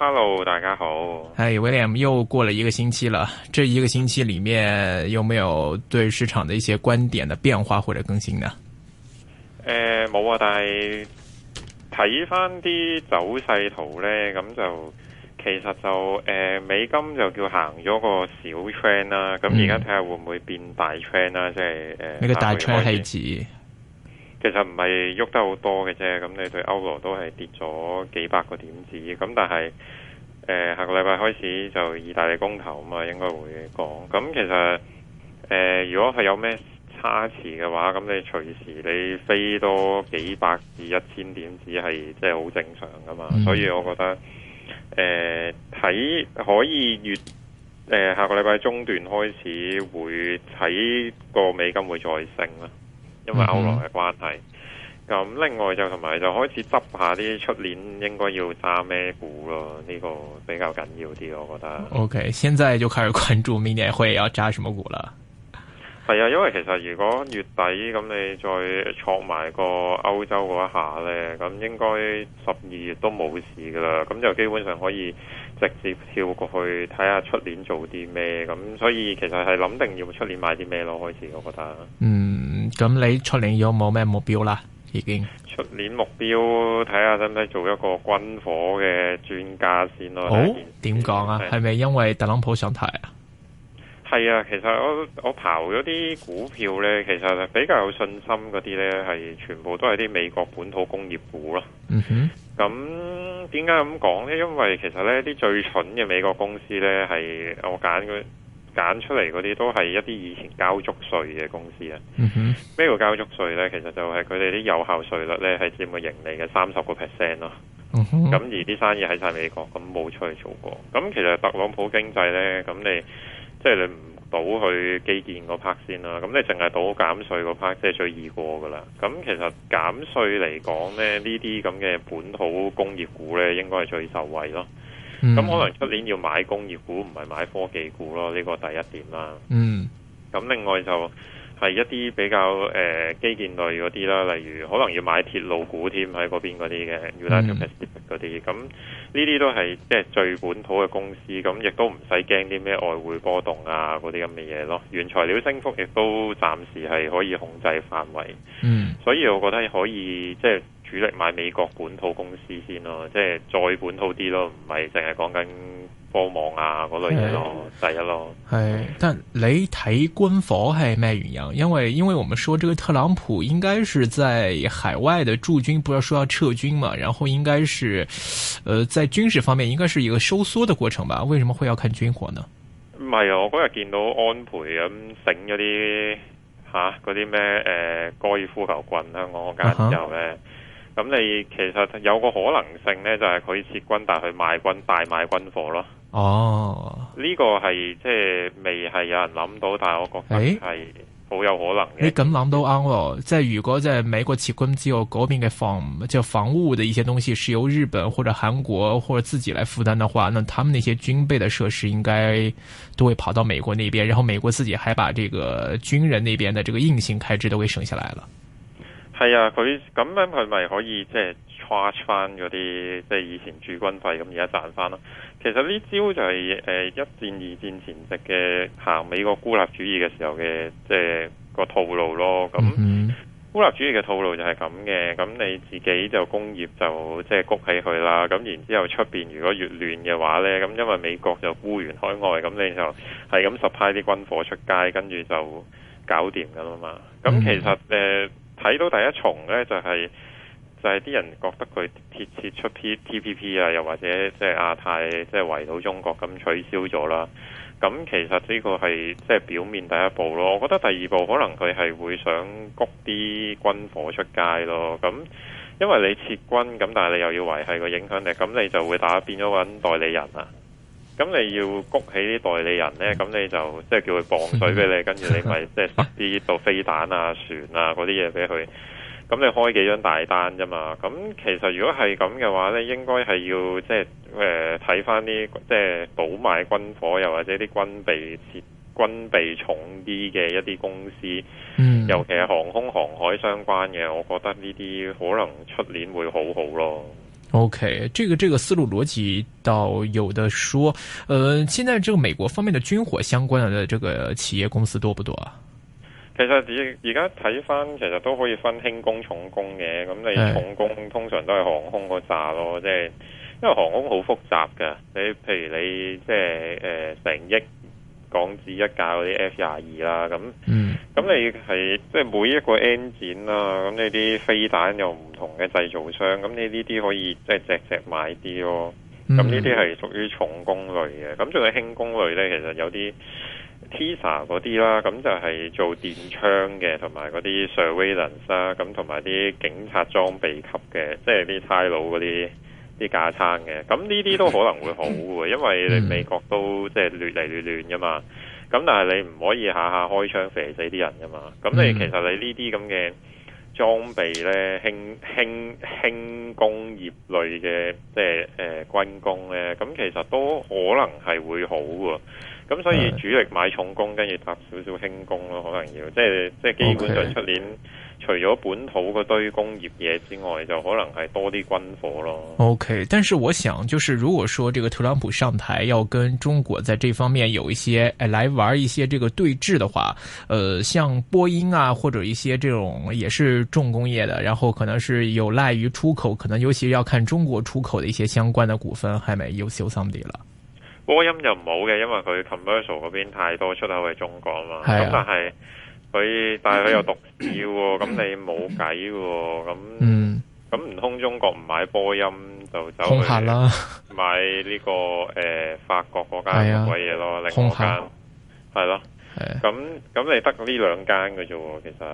hello，大家好。哎、hey，William，又過咗一個星期了。呢一個星期裏面，有冇有對市場的一些觀點嘅變化或者更新呢？誒、呃，冇啊，但係睇翻啲走勢圖呢，咁就其實就誒、呃、美金就叫行咗個小 trend 啦。咁而家睇下會唔會變大 trend 啦，嗯、即係誒。呢、呃、個大 trend 係指？其實唔係喐得好多嘅啫，咁你對歐羅都係跌咗幾百個點子，咁但係誒、呃、下個禮拜開始就意大利公投啊嘛，應該會講。咁其實誒、呃、如果係有咩差池嘅話，咁你隨時你飛多幾百至一千點子係即係好正常噶嘛，嗯、所以我覺得誒睇、呃、可以越誒、呃、下個禮拜中段開始會睇個美金會再升啦。因為歐羅嘅關係，咁、嗯嗯、另外就同埋就開始執下啲出年應該要揸咩股咯，呢、這個比較緊要啲，我覺得。O、okay, K，現在就開始關注明年會要揸什麼股啦。係啊，因為其實如果月底咁你再戳埋個歐洲嗰一下呢，咁應該十二月都冇事噶啦，咁就基本上可以直接跳過去睇下出年做啲咩，咁所以其實係諗定要出年買啲咩咯，開始我覺得。嗯。咁你出年有冇咩目標啦？已經出年目標睇下使唔使做一個軍火嘅專家先咯。好，點講，哦、啊？係咪因為特朗普上台啊？係啊，其實我我刨咗啲股票呢，其實比較有信心嗰啲呢，係全部都係啲美國本土工業股咯。嗯哼，咁點解咁講呢？因為其實呢啲最蠢嘅美國公司呢，係我揀揀出嚟嗰啲都係一啲以前交足稅嘅公司啊，咩、嗯、哼叫交足稅呢？其實就係佢哋啲有效稅率呢，係佔個盈利嘅三十個 percent 咯。咁、嗯、哼而啲生意喺晒美國，咁冇出去做過。咁其實特朗普經濟呢，咁你即係、就是、你唔賭去基建嗰 part 先啦，咁你淨係賭減稅嗰 part，即係最易過噶啦。咁其實減稅嚟講呢，呢啲咁嘅本土工業股呢，應該係最受惠咯。咁、嗯、可能出年要買工業股，唔係買科技股咯。呢、這個第一點啦。嗯，咁另外就係一啲比較誒、呃、基建類嗰啲啦，例如可能要買鐵路股添，喺嗰邊嗰啲嘅 Union Pacific 嗰啲。咁呢啲都係即係最本土嘅公司，咁亦都唔使驚啲咩外匯波動啊，嗰啲咁嘅嘢咯。原材料升幅亦都暫時係可以控制範圍。嗯，所以我覺得可以即係。就是主力買美國本土公司先咯，即係再本土啲咯，唔係淨係講緊科網啊嗰類嘢咯。嗯、第一咯。係、嗯、但你睇軍火係咩原因？因為因為我們說這個特朗普應該是在海外的駐軍，不要說要撤軍嘛，然後應該是，呃，在軍事方面應該是一個收縮的過程吧？為什麼會要看軍火呢？唔係啊，我嗰日見到安培咁醒咗啲嚇嗰啲咩誒高爾夫球棍家，香港嗰間之後咧。咁你其實有個可能性呢，就係佢撤軍，但係去賣軍、大賣軍火咯。哦，呢個係即係未係有人諗到，但係我覺得係好有可能嘅。你咁諗都啱喎。即係如果即係美國撤軍之後，嗰邊嘅房即係防務嘅一些東西是由日本或者韓國或者自己嚟負擔嘅話，那他們那些軍備嘅設施應該都會跑到美國那邊，然後美國自己還把這個軍人那邊嘅這個硬性開支都會省下來了。係啊，佢咁樣佢咪可以即係 charge 翻嗰啲即係以前駐軍費，咁而家賺翻咯。其實呢招就係、是、誒、呃、一戰二戰前夕嘅行美國孤立主義嘅時候嘅即係個套路咯。咁、嗯、孤立主義嘅套路就係咁嘅，咁、嗯、你自己就工業就即係谷起佢啦。咁、嗯、然之後出邊如果越亂嘅話呢，咁、嗯、因為美國就孤然海外，咁、嗯、你就係咁 supply 啲軍火出街，跟住就搞掂噶啦嘛。咁其實誒。嗯睇到第一重呢，就係、是、就係、是、啲人覺得佢設設出、TP、TPP 啊，又或者即係亞太即係、就是、圍到中國咁取消咗啦。咁其實呢個係即係表面第一步咯。我覺得第二步可能佢係會想谷啲軍火出街咯。咁因為你撤軍咁，但係你又要維係個影響力，咁你就會打變咗揾代理人啦。咁你要谷起啲代理人呢，咁你就即係叫佢磅水俾你，跟住你咪即係塞啲到飛彈啊、船啊嗰啲嘢俾佢。咁你開幾張大單啫嘛？咁其實如果係咁嘅話呢，應該係要即係誒睇翻啲即係倒賣軍火又或者啲軍備設軍備重啲嘅一啲公司，嗯，尤其係航空航海相關嘅，我覺得呢啲可能出年會好好咯。O.K.，這個這個思路邏輯倒有的說。呃，現在這個美國方面的軍火相關的這個企業公司多不多？啊？其實而而家睇返，其實都可以分輕工、重工嘅。咁你重工通常都係航空嗰紮咯，即係、哎就是、因為航空好複雜㗎。你譬如你即係誒成億。港紙一架嗰啲 F 廿二啦，咁，嗯，咁你係即係每一個 N 展啦，咁呢啲飛彈有唔同嘅製造商，咁你呢啲可以即係只隻買啲咯，啊，咁呢啲係屬於重工類嘅，咁仲有輕工類咧，其實有啲 Taser 嗰啲啦，咁就係做電槍嘅，同埋嗰啲 Surveillance 啦。啊，咁同埋啲警察裝備級嘅，即係啲差佬嗰啲。啲架撐嘅，咁呢啲都可能會好喎，因為你美國都即係亂嚟亂亂噶嘛，咁但係你唔可以下下開槍射死啲人㗎嘛，咁你其實你呢啲咁嘅裝備呢，輕輕輕工業類嘅、就是，即係誒軍工呢，咁其實都可能係會好喎。咁、嗯、所以主力買重工，跟住搭少少輕工咯，可能要即係即係基本上出年 Okay. 除咗本土嗰堆工業嘢之外，就可能係多啲軍火咯。OK，但是我想就是，如果說這個特朗普上台要跟中國在這方面有一些誒、呃，來玩一些這個對峙的話，呃，像波音啊或者一些這種也是重工業的，然後可能是有賴於出口，可能尤其是要看中國出口的一些相關的股份，係咪有 somebody 了？波音就唔好嘅，因為佢 commercial 嗰邊太多出口去中國啊嘛。咁但係佢但係佢有獨佔喎，咁你冇計喎。咁咁唔通中國唔買波音就走去買呢個誒法國嗰間鬼嘢咯？空客係咯。咁咁你得呢兩間嘅啫，其實。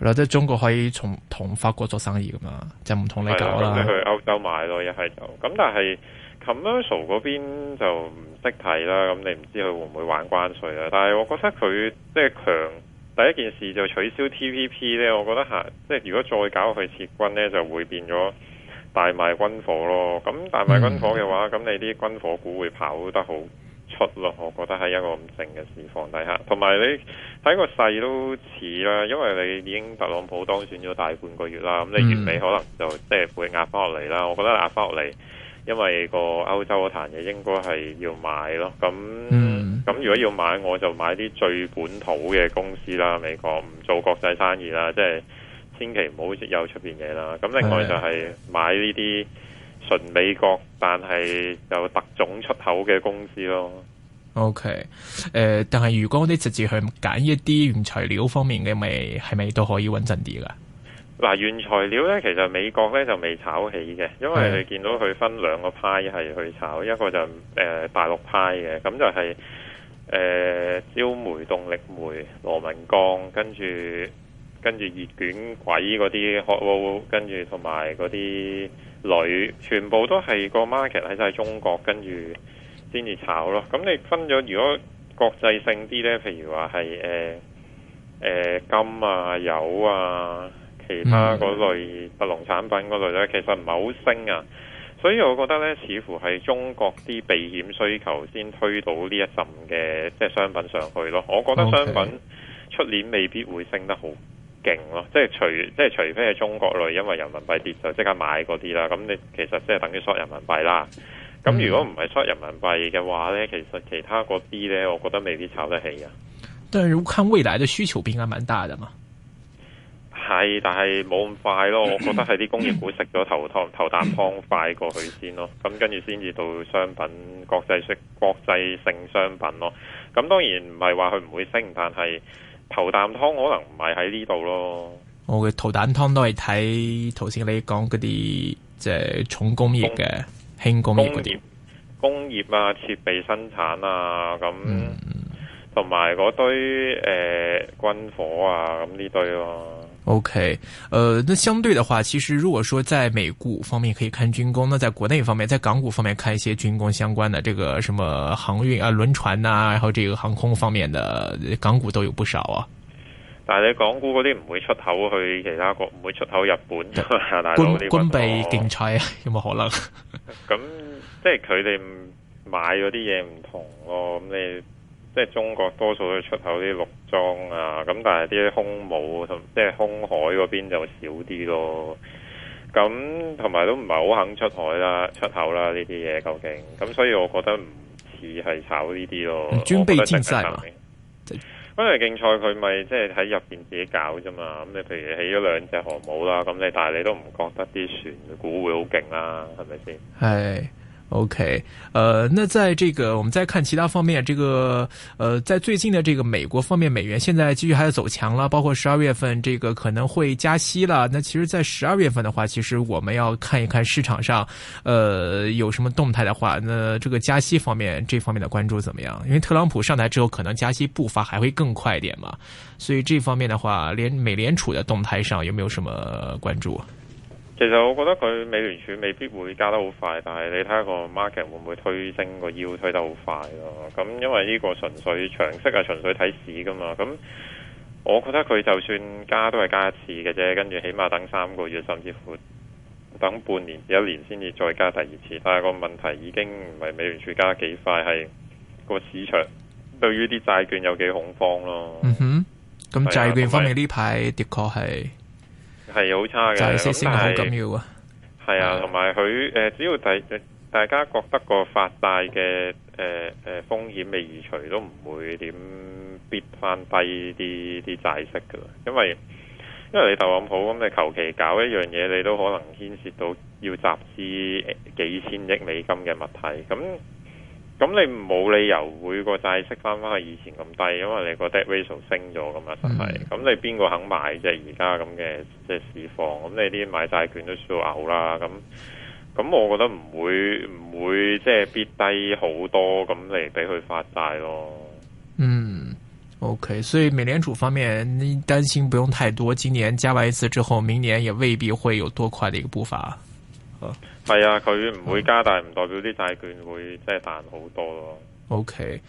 嗱，即係中國可以從同法國做生意㗎嘛，就唔同你搞啦。去歐洲買咯，一係就咁，但係。Commercial 嗰邊就唔識睇啦，咁你唔知佢會唔會玩關稅啦。但係我覺得佢即係強第一件事就取消 TPP 呢。我覺得吓，即係如果再搞去撤軍呢，就會變咗大賣軍火咯。咁大賣軍火嘅話，咁、嗯、你啲軍火股會跑得好出咯。我覺得喺一個咁靜嘅市況底下，同埋你睇個勢都似啦，因為你，你已經特朗普當選咗大半個月啦，咁你月尾、嗯、可能就即係會壓翻落嚟啦。我覺得壓翻落嚟。因為個歐洲嗰壇嘢應該係要買咯，咁咁、嗯、如果要買，我就買啲最本土嘅公司啦。美國唔做國際生意啦，即係千祈唔好有出邊嘢啦。咁另外就係買呢啲純美國但係有特種出口嘅公司咯。OK，誒、呃，但係如果你直接去揀一啲原材料方面嘅，咪係咪都可以穩陣啲㗎？嗱，原材料咧，其實美國咧就未炒起嘅，因為你見到佢分兩個派係去炒，一個就誒、是呃、大陸派嘅，咁就係誒焦煤、動力煤、螺紋鋼，跟住跟住熱卷、鬼嗰啲，跟住同埋嗰啲鋁，全部都係個 market 喺晒中國，跟住先至炒咯。咁你分咗，如果國際性啲咧，譬如話係誒誒金啊、油啊。其他嗰類白龍產品嗰類咧，其實唔係好升啊，所以我覺得咧，似乎係中國啲避險需求先推到呢一陣嘅即係商品上去咯。我覺得商品出年未必會升得好勁咯，即係除即係除非係中國類，因為人民幣跌就即刻買嗰啲啦。咁你其實即係等於 short 人民幣啦。咁如果唔係 short 人民幣嘅話咧，其實其他嗰啲咧，我覺得未必炒得起啊。但係如果看未來嘅需求應該蠻大的嘛。但係冇咁快咯。我覺得係啲工業股食咗頭湯、 頭啖湯快過去先咯。咁跟住先至到商品、國際性、國際性商品咯。咁當然唔係話佢唔會升，但係頭啖湯可能唔係喺呢度咯。我嘅頭啖湯都係睇頭先你講嗰啲即係重工業嘅、輕工，工業嗰啲工，工業啊、設備生產啊，咁同埋嗰堆誒、呃、軍火啊，咁呢堆咯。O、okay. K，呃，那相對的話，其實如果說在美股方面可以看軍工，那在國內方面，在港股方面看一些軍工相關的，這個什麼航運啊、呃、輪船啊，然後這個航空方面的港股都有不少啊。但係你港股嗰啲唔會出口去其他國，唔會出口日本，但係軍軍備競賽啊，有冇可能？咁 即係佢哋買嗰啲嘢唔同咯，咁你。即係中國多數都出口啲陸裝啊，咁但係啲空母同即係空海嗰邊就少啲咯。咁同埋都唔係好肯出海啦，出口啦呢啲嘢究竟。咁所以我覺得唔似係炒呢啲咯。唔準備競賽嘛？因為競賽佢咪即係喺入邊自己搞啫嘛。咁你譬如起咗兩隻航母啦，咁你但係你都唔覺得啲船股會好勁啦，係咪先？係。OK，呃，那在這個，我們再看其他方面，這個，呃，在最近的這個美國方面，美元現在繼續還在走強了，包括十二月份這個可能會加息了。那其實，在十二月份的話，其實我們要看一看市場上，呃，有什麼動態的話，那這個加息方面這方面的關注怎麼樣？因為特朗普上台之後，可能加息步伐還會更快一點嘛，所以這方面的話，聯美聯儲的動態上有沒有什麼關注？其實我覺得佢美聯儲未必會加得好快，但係你睇下個 market 會唔會推升個腰推得好快咯。咁因為呢個純粹常識係純粹睇市噶嘛。咁我覺得佢就算加都係加一次嘅啫，跟住起碼等三個月，甚至乎等半年至一年先至再加第二次。但係個問題已經唔係美聯儲加得幾快，係個市場對於啲債券有幾恐慌咯。嗯哼，咁、嗯、所以債券方面呢排的確係。係好差嘅，債息升得好緊要啊！係啊，同埋佢只要大家大家覺得個發債嘅誒誒風險未移除，都唔會點必翻低啲啲債息噶。因為因為你特朗普咁，你求其搞一樣嘢，你都可能牽涉到要集資幾千億美金嘅物體咁。嗯咁你冇理由每個債息翻翻去以前咁低，因為你個 debt ratio 升咗噶嘛，真係。咁你邊個肯買啫？而家咁嘅即係市況，咁、嗯、你啲買債券都需要嘔啦。咁咁，我覺得唔會唔會即係必低好多，咁嚟俾佢發債咯。嗯，OK，所以美聯儲方面擔心不用太多，今年加埋一次之後，明年也未必會有多快的一個步伐。係啊，佢唔會加大，唔代表啲債券會即係彈好多咯。OK，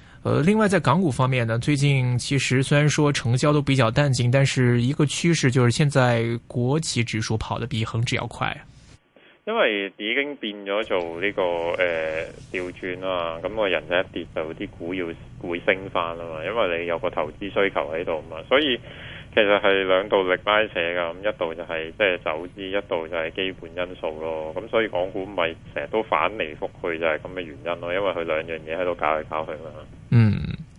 另外在港股方面呢，最近其實雖然說成交都比較淡靜，但是一個趨勢就是現在國企指數跑得比恒指要快。因為已經變咗做呢個誒調轉啦，咁個人一跌就啲股要會升翻啦嘛，因為你有個投資需求喺度嘛，所以。其實係兩道力拉扯噶，咁一度就係即係走資，一度就係基本因素咯。咁所以港股咪成日都反嚟覆去就係咁嘅原因咯。因為佢兩樣嘢喺度搞嚟搞去啦。嗯，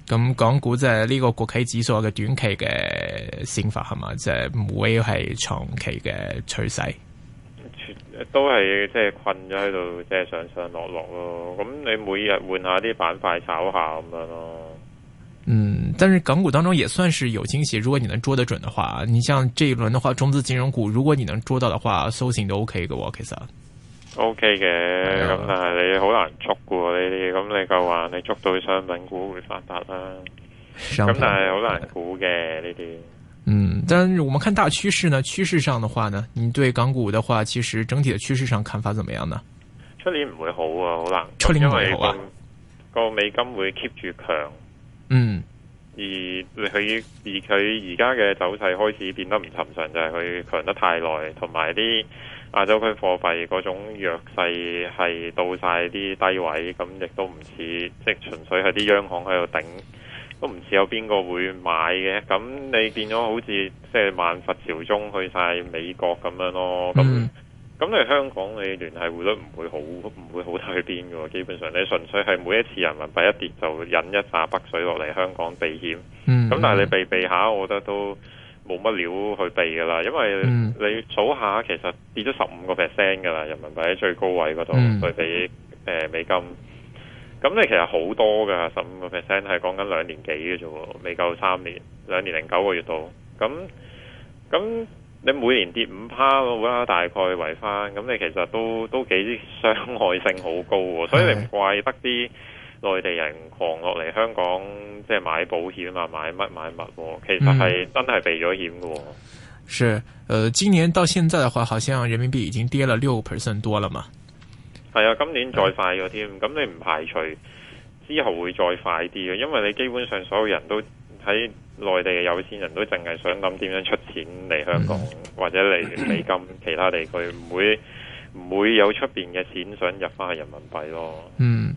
咁港股即係呢個國企指數嘅短期嘅升法係嘛，即係唔會係長期嘅趨勢。都係即係困咗喺度，即係上上落落咯。咁你每日換下啲板塊炒下咁樣咯。但是港股當中也算是有驚喜，如果你能捉得準的話，你像這一輪的話，中資金融股如果你能捉到的話，其實都 OK 嘅，O K 啦。O K 嘅，咁、uh, 但係你好難捉嘅呢啲，咁你就話你，你捉到商品股會發達啦，咁品但係好難估嘅呢啲。嗯，嗯，但我們看大趨勢呢，趨勢上的話呢，你對港股的話，其實整體的趨勢上看法怎麼樣呢？出年唔會好啊，好難。出年唔會好啊？個美金會 keep 住強。嗯。而佢而佢而家嘅走勢開始變得唔尋常，就係、是、佢強得太耐，同埋啲亞洲區貨幣嗰種弱勢係到晒啲低位，咁亦都唔似即係純粹係啲央行喺度頂，都唔似有邊個會買嘅，咁你變咗好似即係萬佛朝宗去晒美國咁樣咯，咁、嗯。咁你香港你聯繫匯率唔會好唔會好得去邊嘅喎？基本上你純粹係每一次人民幣一跌就引一扎北水落嚟香港避險。咁、嗯、但係你避避下，嗯、我覺得都冇乜料去避嘅啦。因為你數下，其實跌咗十五個 percent 嘅啦，人民幣喺最高位嗰度、嗯、去比誒美金。咁你其實好多嘅十五個 percent 係講緊兩年幾嘅啫喎，未夠三年，兩年零九個月度。咁咁。你每年跌五趴啦，大概為翻咁，你其實都都幾傷害性好高喎，所以你唔怪得啲內地人狂落嚟香港，即係買保險啊，買乜買物，其實係、嗯、真係避咗險嘅。是、呃，今年到現在嘅話，好像人民幣已經跌了六個 percent 多了嘛。係啊，今年再快咗添，咁、嗯、你唔排除之後會再快啲嘅，因為你基本上所有人都。喺內地嘅有錢人都淨係想諗點樣出錢嚟香港，mm. 或者嚟美金其他地區，唔會唔會有出邊嘅錢想入翻去人民幣咯。嗯。Mm.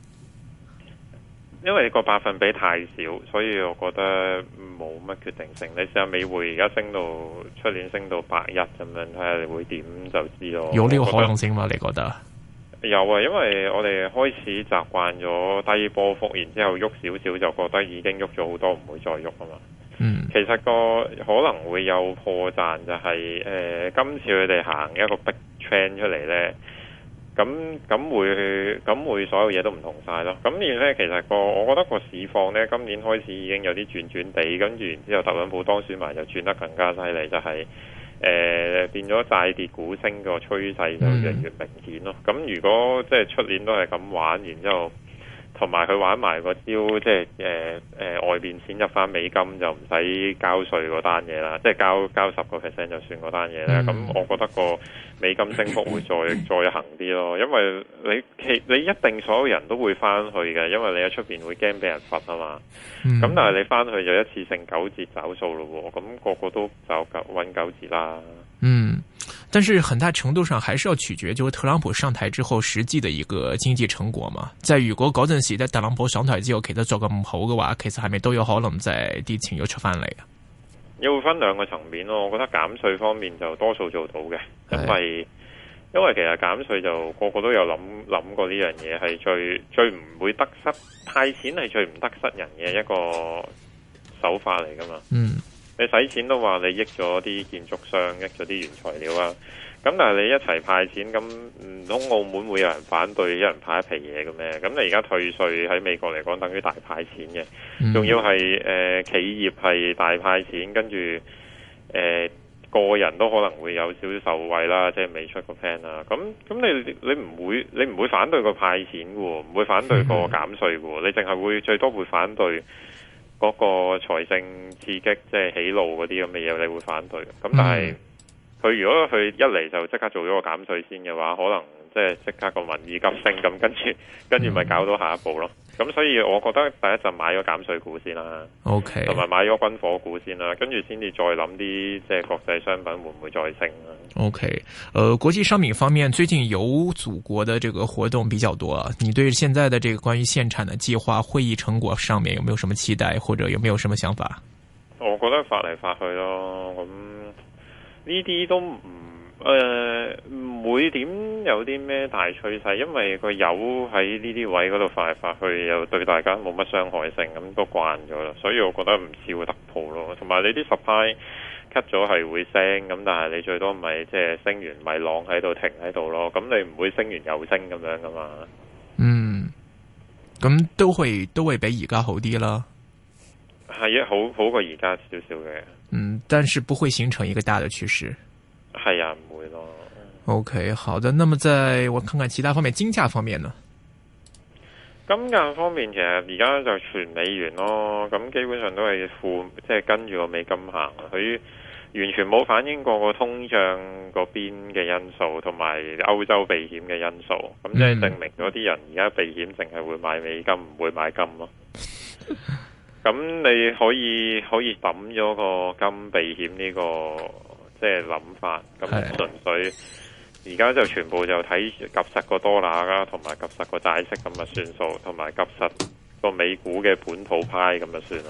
因為個百分比太少，所以我覺得冇乜決定性。你試下美匯而家升到出年升到百一咁樣，睇下你會點就知咯。有呢個可能性嗎？覺你覺得？有啊，因為我哋開始習慣咗低波幅，然之後喐少少就覺得已經喐咗好多，唔會再喐啊嘛。嗯，其實個可能會有破綻就係、是、誒、呃、今次佢哋行一個 big trend 出嚟呢。咁咁會咁會所有嘢都唔同晒咯。咁年咧，其實個我覺得個市況咧，今年開始已經有啲轉轉地，跟住然之後，特朗普當選埋就轉得更加犀利，就係、是、誒、呃、變咗債跌股升個趨勢就越嚟越明顯咯。咁、mm hmm. 如果即係出年都係咁玩，然之後。同埋佢玩埋個招，即係誒誒外邊先入翻美金就唔使交稅嗰單嘢啦，即係交交十個 percent 就算嗰單嘢啦。咁、mm hmm. 我覺得個美金升幅會再再行啲咯，因為你其你，你一定所有人都會翻去嘅，因為你喺出邊會驚俾人罰啊嘛。咁、mm hmm. 但係你翻去就一次性九折走數咯，咁、那個個都走九揾九折啦。嗯、mm。Hmm. 但是很大程度上還是要取決，就是特朗普上台之後實際的一個經濟成果嘛。如果 𠮶 陣時，特朗普上台之後，其實做得咁好嘅話，其實係咪都有可能就係啲錢要出翻嚟啊？要分兩個層面咯，我覺得減稅方面就多數做到嘅，因為的因為其實減稅就個個都有諗諗過呢樣嘢，係最最唔會得失，派錢係最唔得失人嘅一個手法嚟噶嘛。嗯。你使錢都話你益咗啲建築商，益咗啲原材料啊！咁但係你一齊派錢咁，唔通澳門會有人反對一人派一皮嘢嘅咩？咁你而家退稅喺美國嚟講，等於大派錢嘅，仲要係誒、呃、企業係大派錢，跟住誒個人都可能會有少少受惠啦，即係未出個 plan 啦。咁咁你你唔會你唔會反對個派錢嘅，唔會反對個減稅嘅，你淨係會最多會反對。嗰個財政刺激即係起路嗰啲咁嘅嘢，你會反對㗎。咁但係， 佢如果佢一嚟就即刻做咗個減稅先嘅話，可能即係即刻個民意急升咁，跟住跟住咪搞到下一步咯。咁、嗯、所以我覺得第一陣買咗減稅股先啦，OK，同埋買咗軍火股先啦，跟住先至再諗啲即係國際商品會唔會再升啦。OK，誒、呃，國際商品方面最近有祖國嘅這個活動比較多，你對現在的這個關於限產的計劃會議成果上面有沒有什麼期待，或者有沒有什麼想法？我覺得發嚟發去咯，咁、嗯。呢啲都唔誒，唔、呃、會點有啲咩大趨勢，因為個油喺呢啲位嗰度發嚟發去，又對大家冇乜傷害性，咁都慣咗啦。所以我覺得唔似會突破咯。同埋你啲 supply cut 咗係會升，咁但係你最多咪即係升完咪浪喺度停喺度咯。咁你唔會升完又升咁樣噶嘛？嗯，咁都會都會比而家好啲啦。係一好好過而家少少嘅，嗯，但是不會形成一個大的趨勢。係啊，唔會咯。OK，好的。那麼在我看看其他方面，金價方面呢？金價方面其實而家就全美元咯，咁基本上都係附即係、就是、跟住個美金行，佢完全冇反映過個通脹嗰邊嘅因素，同埋歐洲避險嘅因素。咁即係證明咗啲人而家避險淨係會買美金，唔會買金咯。 咁你可以可以抌咗個金避險呢個即係諗法，咁純粹而家就全部就睇夾實個多拿啦，同埋夾實個債息咁就算數，同埋夾實個美股嘅本土派咁就算咯。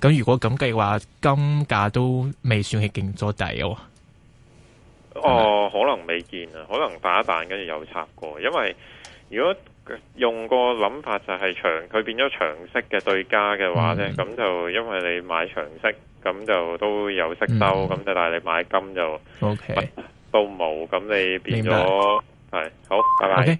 咁如果咁計嘅話，金價都未算係、呃、嗎見咗底喎。哦，可能未見啊，可能彈一彈跟住又插過，因為如果。用個諗法就係長，佢變咗長息嘅對家嘅話咧，咁、嗯、就因為你買長息，咁就都有息收，咁就、嗯、但係你買金就，O K，都冇，咁 Okay. 你變咗係好，拜拜，okay,